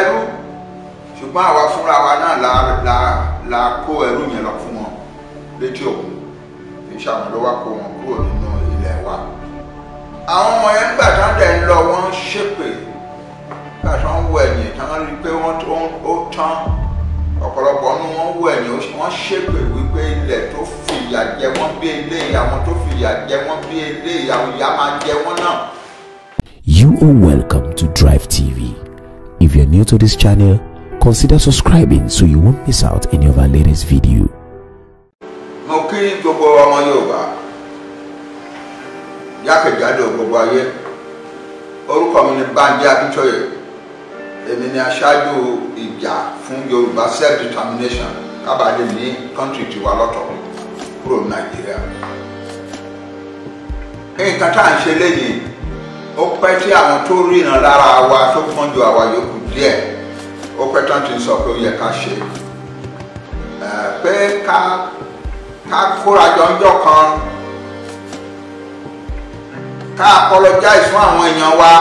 ẹrú ṣùgbọ́n àwa fúnra wa náà la la la kó ẹrú yẹn lọ fún wọn létí òkun kì í ṣàwọn kó wọn kúrò nínú ilẹ̀ wa. àwọn ọmọ yẹn nígbà tán dẹ̀ ń lọ wọ́n ṣépè nígbà tán wọ ẹ̀yìn tán rí i pé wọ́n ó tán ọ̀pọ̀lọpọ̀ ní wọ́n wọ ẹ̀yìn wọ́n ṣépè wípé ilẹ̀ tó fìyà jẹ wọ́n bí eléyìí àwọn tó fìyà jẹ wọ́n bí eléyìí àwọn ìyá máa jẹ wọ́n náà. You are welcome to Drive TV. If you're new to this channel, consider subscribing so you won't miss out any of our latest video. Mo kí gbogbo ọmọ Yorùbá jákèjádò gbogbo ayé orúkọ mi ni Bánjí Akíntóyè èmi ni aṣáájú ìjà fún Yorùbá self-determination kábàdé ní kọ́ńtì tiwa lọ́tọ̀ kúrò Nàìjíríà. Nǹkan tá à ń ṣe lẹ́yìn ó pẹ́ tí àwọn tó ríran lára wa tó pọ́n ju àwa yòókù díẹ̀ ó pẹ́ tán ti sọ pé ó yẹ ká ṣe pé ká ká kóra jọ ńjọ́ kan ká apologize fún àwọn èèyàn wa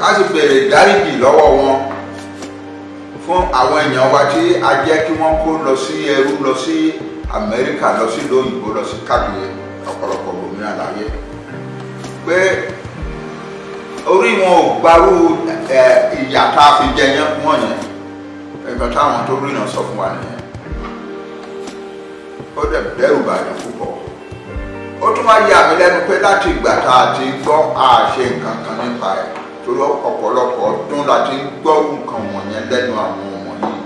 ká sì béèrè ìdáríjì lọ́wọ́ wọn fún àwọn èèyàn wa tí a jẹ́ kí wọ́n kó lọ sí ẹrú lọ sí Amẹ́ríkà lọ sí ìlú lọ sí káàkiri ọ̀pọ̀lọpọ̀ gbòmìnira láyé pé orí wọn ò gbarú ìyà tá a fi jẹ yẹn wọ́n yẹn ẹgbẹ́ táwọn tó rí náà sọ fún wa nìyẹn ó dẹ̀ dẹ́rù bàyàn púpọ̀ ó tún wá yà mí lẹ́nu pé láti ìgbà tá a ti gbọ́ àṣe nǹkan kan nípa ẹ̀ torí ọ̀pọ̀lọpọ̀ ọdún la ti gbọ́ nǹkan wọ̀nyẹn lẹ́nu àwọn ọmọ yìí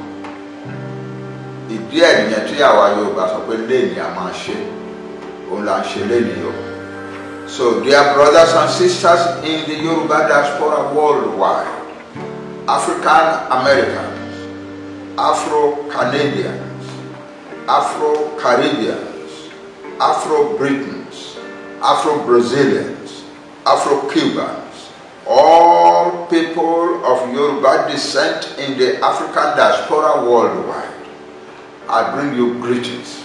ìdí ẹ̀ nìyẹn tí àwa Yorùbá sọ pé léèní a máa ṣe òun là ń ṣe léèní o. So, dear brothers and sisters in the Yoruba diaspora worldwide, African Americans, Afro Canadians, Afro Caribbeans, Afro Britons, Afro Brazilians, Afro Cubans, all people of Yoruba descent in the African diaspora worldwide, I bring you greetings.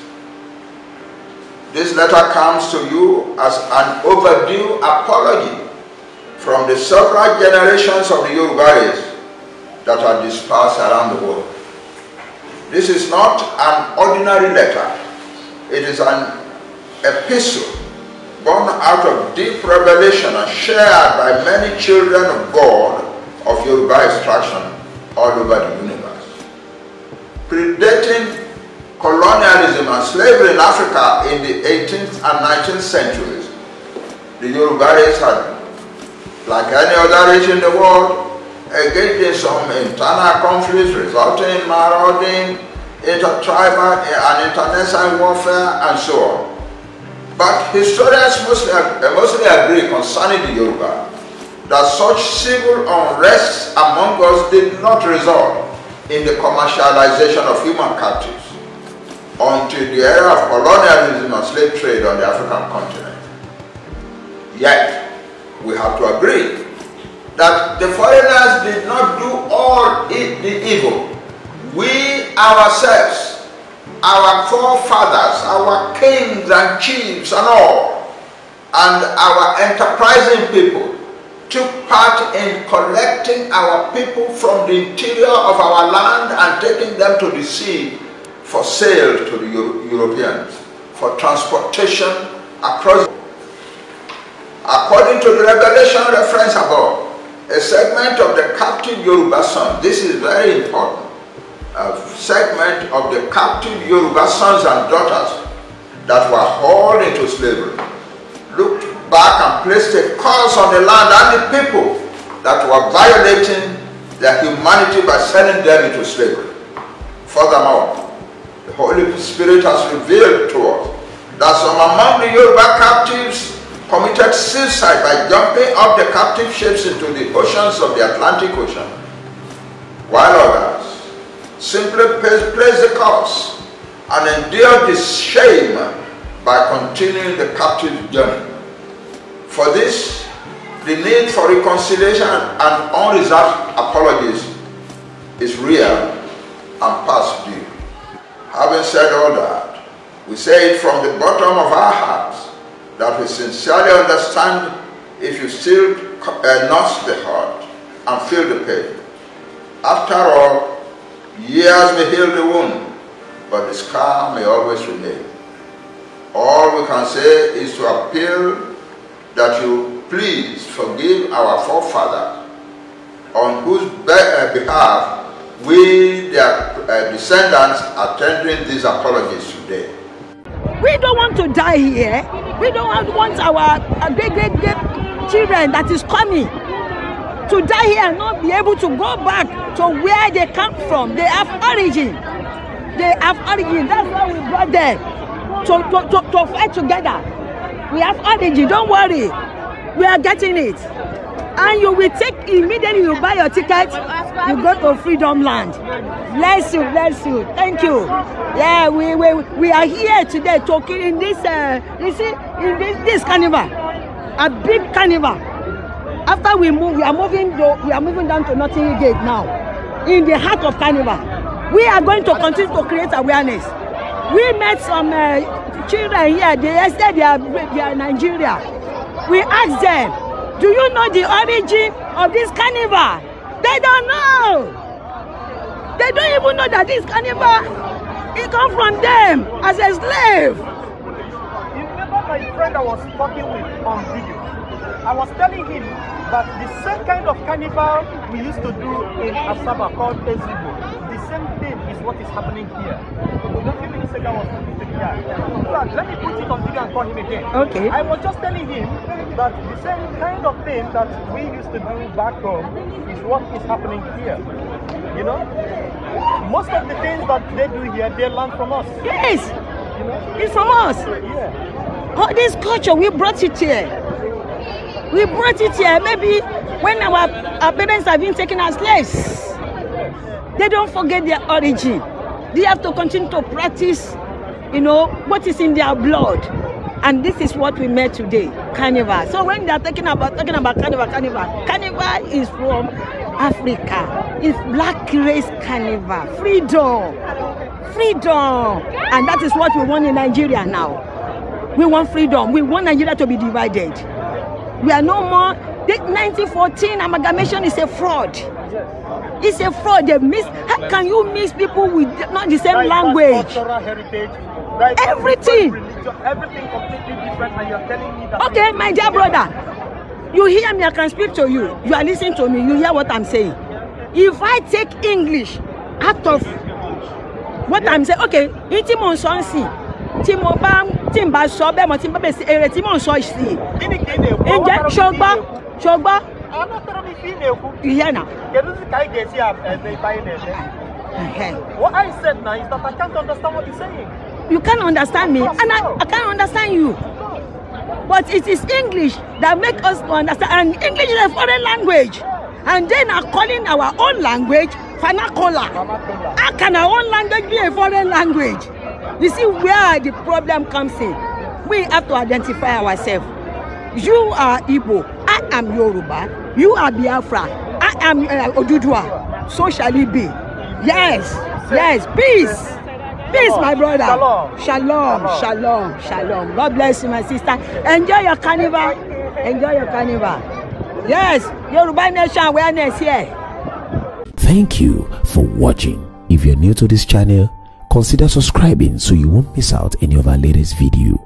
This letter comes to you as an overdue apology from the several generations of the Yorubas that are dispersed around the world. This is not an ordinary letter. It is an epistle born out of deep revelation and shared by many children of God of Yoruba extraction all over the universe. Predating colonialism and slavery in Africa in the 18th and 19th centuries. The Yorubas had, like any other region in the world, engaged in some internal conflicts resulting in marauding, intertribal and international warfare, and so on. But historians mostly, mostly agree concerning the Yoruba that such civil unrest among us did not result in the commercialization of human captives until the era of colonialism and slave trade on the African continent. Yet, we have to agree that the foreigners did not do all the evil. We ourselves, our forefathers, our kings and chiefs and all, and our enterprising people took part in collecting our people from the interior of our land and taking them to the sea for sale to the Euro Europeans for transportation across. According to the regulation reference above, a segment of the captive Yoruba sons, this is very important, a segment of the captive Yoruba sons and daughters that were hauled into slavery looked back and placed a curse on the land and the people that were violating their humanity by selling them into slavery. Furthermore, Holy Spirit has revealed to us that some among the Yoruba captives committed suicide by jumping off the captive ships into the oceans of the Atlantic Ocean, while others simply placed the cost and endured the shame by continuing the captive journey. For this, the need for reconciliation and unreserved apologies is real Having said all that, we say it from the bottom of our hearts that we sincerely understand if you still uh, the heart and feel the pain. After all, years may heal the wound, but the scar may always remain. All we can say is to appeal that you please forgive our forefather, on whose uh, behalf we, their uh, descendants attending these apologies today. We don't want to die here. We don't want our uh, great great great children that is coming to die here and not be able to go back to where they come from. They have origin. They have origin. That's why we brought them to, to, to, to fight together. We have origin. Don't worry. We are getting it and you will take immediately you buy your ticket you go to freedom land bless you bless you thank you yeah we we we are here today talking in this uh, you see in this this carnival a big carnival after we move we are moving to we are moving down to Nothing gate now in the heart of carnival we are going to continue to create awareness we met some uh, children here they said they are they are nigeria we ask them Do you know the origin of this carnival? They don't know. They don't even know that this carnival, it come from them as a slave. You remember my friend I was talking with on video? I was telling him that the same kind of carnival we used to do in Asaba called Ezibo, the same thing is what is happening here. was let me put it on video and call him again. Okay. I was just telling him that the same kind of thing that we used to do back home is what is happening here. You know? Most of the things that they do here, they learn from us. Yes! You know? It's from us! Yeah. All this culture, we brought it here. We brought it here. Maybe when our, our parents have been taken as slaves, they don't forget their origin. They have to continue to practice, you know, what is in their blood. And this is what we met today, carnival. So when they are talking about talking about carnival, carnival, carnival is from Africa. It's black race carnival, freedom, freedom, and that is what we want in Nigeria now. We want freedom. We want Nigeria to be divided. We are no more. The 1914 amalgamation is a fraud. Yes. It's a fraud. They miss. How can you miss people with not the same language? Cultural heritage. Everything. everything completely different, and you're telling me that. Okay, my dear brother, you hear me. I can speak to you. You are listening to me. You hear what I'm saying. If I take English out of what I'm saying, okay, iti mo nso nsi, tí mo bá tí n bá sọ bẹ́ẹ̀ mo ti bá bẹ̀ sí èrè tí mo anatara m ife ị na-ekwu ihe na kedu ka anyị ga-esi eme eh, ife anyị na-eme what I said now is that I can't understand what you're saying you can't understand me and I, I can't understand you but it is English that make us understand and English is a foreign language and they are calling our own language fanacola how can our own language be a foreign language you see where the problem comes in we have to identify ourselves you are Igbo I am Yoruba, you are Biafra, I am uh, Odudua. So shall it be. Yes, yes, peace. Peace, my brother. Shalom. Shalom, shalom, shalom. God bless you, my sister. Enjoy your carnival. Enjoy your carnival. Yes, Yoruba Nation awareness here. Thank you for watching. If you're new to this channel, consider subscribing so you won't miss out any of our latest videos.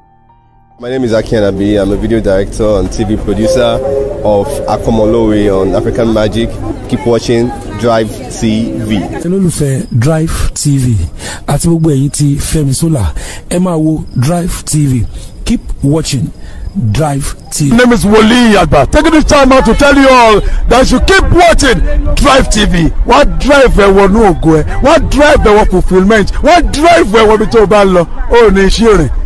My name is Aki Anabi. I'm a video director and TV producer of Akomolowe on African Magic. Keep watching Drive TV. olólùfẹ́ Drive TV Ati gbogbo ẹ̀yin ti Fẹ́mi Sola ẹ wo Drive TV. Keep watching Drive TV. My name is Wole Agba. Taking this time out to tell you all that you keep watching Drive TV. What drive we want ògo ẹ̀, What drive we want fulfilment, What drive we want to o bá lọ, ó